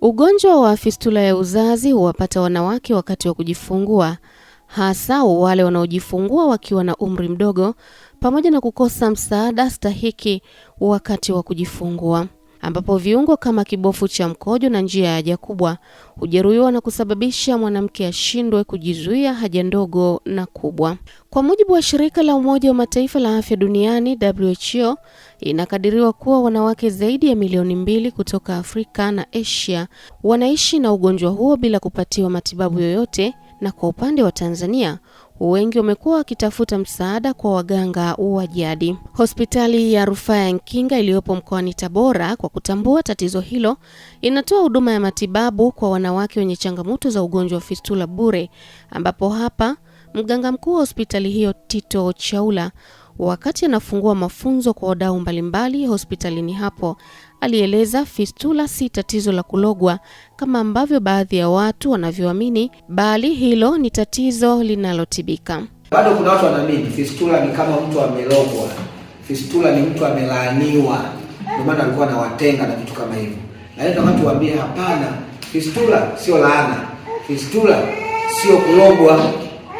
Ugonjwa wa fistula ya uzazi huwapata wanawake wakati wa kujifungua, hasa wale wanaojifungua wakiwa na umri mdogo, pamoja na kukosa msaada stahiki wakati wa kujifungua, ambapo viungo kama kibofu cha mkojo na njia ya haja kubwa hujeruhiwa na kusababisha mwanamke ashindwe kujizuia haja ndogo na kubwa. Kwa mujibu wa shirika la Umoja wa Mataifa la afya duniani WHO, Inakadiriwa kuwa wanawake zaidi ya milioni mbili kutoka Afrika na Asia wanaishi na ugonjwa huo bila kupatiwa matibabu yoyote, na kwa upande wa Tanzania wengi wamekuwa wakitafuta msaada kwa waganga wa jadi. Hospitali ya Rufaa ya Nkinga iliyopo mkoani Tabora, kwa kutambua tatizo hilo, inatoa huduma ya matibabu kwa wanawake wenye changamoto za ugonjwa wa fistula bure, ambapo hapa mganga mkuu wa hospitali hiyo Tito Chaula wakati anafungua mafunzo kwa wadau mbalimbali hospitalini hapo. Alieleza fistula si tatizo la kulogwa kama ambavyo baadhi ya watu wanavyoamini, bali hilo ni tatizo linalotibika. Bado kuna watu wanaamini fistula ni kama mtu amelogwa, fistula ni mtu amelaaniwa, ndio maana alikuwa anawatenga na vitu kama hivyo. Lakini watu waambie, hapana, fistula sio laana, fistula sio kulogwa,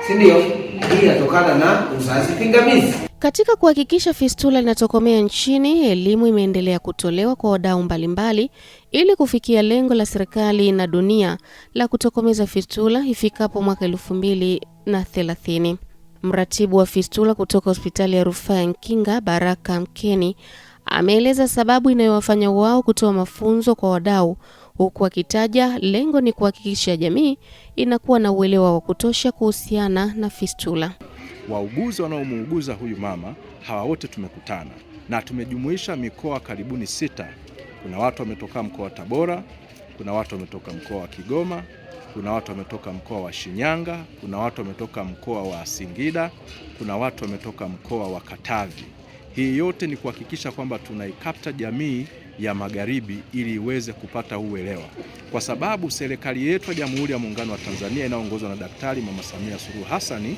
si ndio? Hii inatokana na uzazi pingamizi. Katika kuhakikisha fistula linatokomea nchini, elimu imeendelea kutolewa kwa wadau mbalimbali ili kufikia lengo la serikali na dunia la kutokomeza fistula ifikapo mwaka elfu mbili na thelathini. Mratibu wa fistula kutoka hospitali ya rufaa ya Nkinga, Baraka Mkeni, ameeleza sababu inayowafanya wao kutoa mafunzo kwa wadau, huku akitaja lengo ni kuhakikisha jamii inakuwa na uelewa wa kutosha kuhusiana na fistula wauguzi wanaomuuguza huyu mama hawa wote tumekutana na tumejumuisha mikoa karibuni sita. Kuna watu wametoka mkoa wa Tabora, kuna watu wametoka mkoa wa Kigoma, kuna watu wametoka mkoa wa Shinyanga, kuna watu wametoka mkoa wa Singida, kuna watu wametoka mkoa wa Katavi. Hii yote ni kuhakikisha kwamba tunaikapta jamii ya magharibi ili iweze kupata uelewa, kwa sababu serikali yetu ya Jamhuri ya Muungano wa Tanzania inayoongozwa na Daktari Mama Samia Suluhu Hassani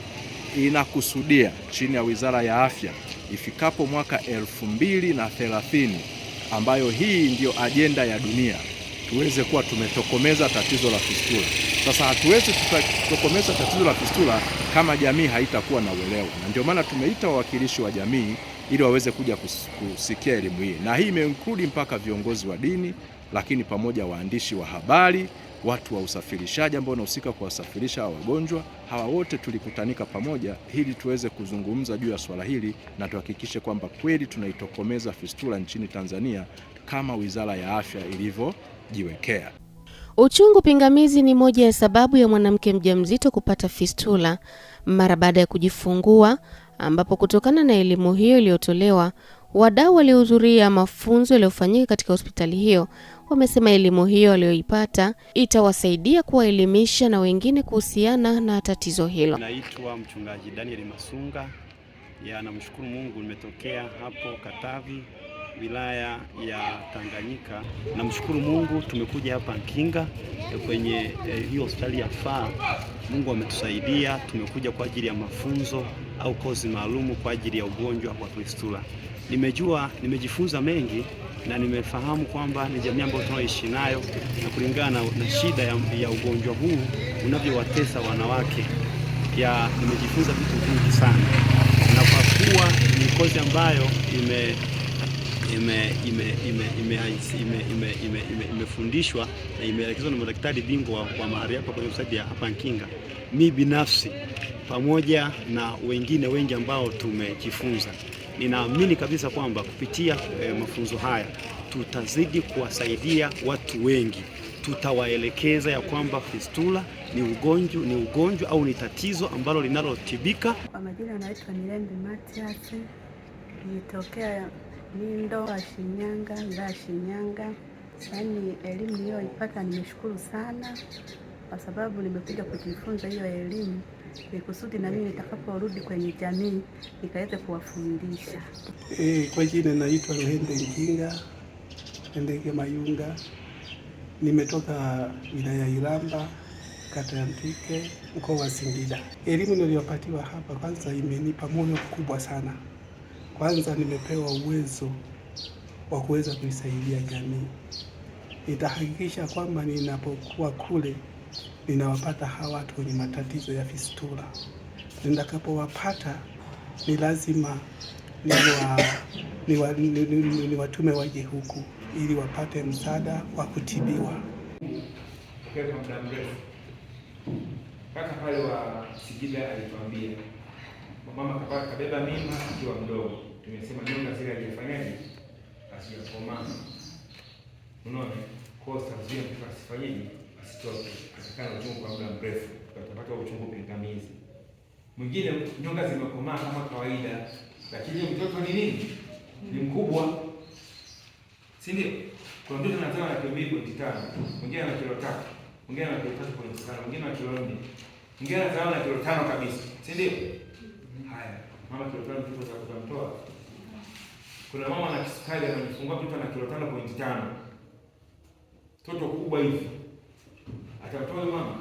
inakusudia chini ya Wizara ya Afya ifikapo mwaka elfu mbili na thelathini, ambayo hii ndiyo ajenda ya dunia, tuweze kuwa tumetokomeza tatizo la fistula. Sasa hatuwezi tukatokomeza tatizo la fistula kama jamii haitakuwa na uelewa, na ndio maana tumeita wawakilishi wa jamii ili waweze kuja kusikia elimu hii, na hii imeinkludi mpaka viongozi wa dini, lakini pamoja waandishi wa habari, watu wa usafirishaji ambao wanahusika kuwasafirisha hawa wagonjwa. Hawa wote tulikutanika pamoja ili tuweze kuzungumza juu ya swala hili na tuhakikishe kwamba kweli tunaitokomeza fistula nchini Tanzania kama Wizara ya Afya ilivyojiwekea. Uchungu pingamizi ni moja ya sababu ya mwanamke mjamzito kupata fistula mara baada ya kujifungua ambapo kutokana na elimu hiyo iliyotolewa, wadau waliohudhuria mafunzo yaliyofanyika katika hospitali hiyo wamesema elimu hiyo waliyoipata itawasaidia kuwaelimisha na wengine kuhusiana na tatizo hilo. Naitwa mchungaji Daniel Masunga. Ya, namshukuru Mungu nimetokea hapo Katavi wilaya ya Tanganyika. Namshukuru Mungu tumekuja hapa Nkinga kwenye eh, hiyo hospitali ya faa Mungu ametusaidia, tumekuja kwa ajili ya mafunzo au kozi maalumu kwa ajili ya ugonjwa wa fistula. Nimejua, nimejifunza mengi na nimefahamu kwamba ni jamii ambayo tunaoishi nayo na kulingana na, na shida ya, ya ugonjwa huu unavyowatesa wanawake ya nimejifunza vitu vingi sana na kwa kuwa ni kozi ambayo ime imefundishwa na imeelekezwa na madaktari bingwa wa mahali hapa kwenye hospitali ya hapa Nkinga. Mi binafsi pamoja na wengine wengi ambao tumejifunza, ninaamini kabisa kwamba kupitia e, mafunzo haya tutazidi kuwasaidia watu wengi tutawaelekeza ya kwamba fistula ni ugonjwa ni ugonjwa au ni tatizo ambalo linalotibika. Kwa majina anaitwa Milembe Matiasi, nitokea ni ndoa Shinyanga, wilaya Shinyanga. Yaani elimu niliyoipata nimeshukuru sana, kwa sababu nimekuja kujifunza hiyo elimu ni kusudi na mimi nitakaporudi kwenye jamii nikaweze kuwafundisha. Eh, kwa jina naitwa Luhende Njinga Endege Mayunga, nimetoka wilaya Iramba, kata ya Mpike, mkoa wa Singida. Elimu niliyopatiwa hapa kwanza imenipa moyo mkubwa sana kwanza nimepewa uwezo wa kuweza kuisaidia jamii. Nitahakikisha kwamba ninapokuwa kule ninawapata hawa watu wenye matatizo ya fistula. Nitakapowapata ni lazima ni watume waje huku ili wapate msaada wa kutibiwa. Muda mrefu pale wa Sigida alituambia mama kabeba mimba akiwa mdogo. Nimesema Yona zile aliyefanyaje, Asiyakomaa. Unaona? Kwa sababu zile mtu asifanyaje? Asitoke. Atakaa na uchungu kwa muda mrefu. Atapata uchungu pingamizi. Mwingine nyonga zimekomaa kama kawaida, lakini mtoto ni nini? Ni mkubwa. Si ndio? Kwa mtoto anazaa na kilo mbili pointi tano, mwingine ana kilo tatu, mwingine ana kilo tatu pointi tano, mwingine ana kilo nne, mwingine anazaa na kilo tano kabisa, si ndio? Haya, mama kilo tano mtoto atakutamtoa kuna mama na kisukari anajifungua mtoto na kilo tano pointi tano toto kubwa hivi, atamtoa mama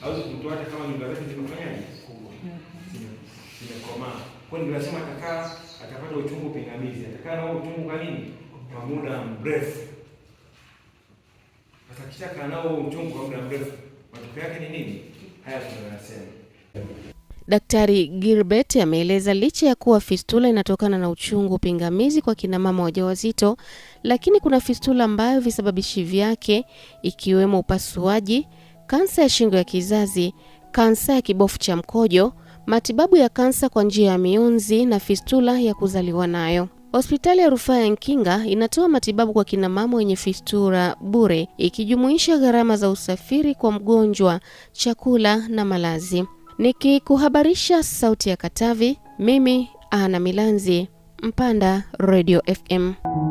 hawezi kumtoa hata kama nyumba zake zimefanyaje kubwa zimekomaa. Kwa ndio lazima atakaa, atapata uchungu pingamizi, atakaa na uchungu kwa nini kwa muda mrefu. Sasa kisha kaa nao uchungu kwa muda mrefu, matokeo yake ni nini? Haya tunayasema. Daktari Gilbert ameeleza licha ya kuwa fistula inatokana na uchungu pingamizi kwa kina mama wajawazito, lakini kuna fistula ambayo visababishi vyake ikiwemo upasuaji, kansa ya shingo ya kizazi, kansa ya kibofu cha mkojo, matibabu ya kansa kwa njia ya mionzi na fistula ya kuzaliwa nayo. Hospitali ya Rufaa ya Nkinga inatoa matibabu kwa kina mama wenye fistula bure, ikijumuisha gharama za usafiri kwa mgonjwa, chakula na malazi nikikuhabarisha sauti ya Katavi, mimi Ana Milanzi Mpanda, Radio FM.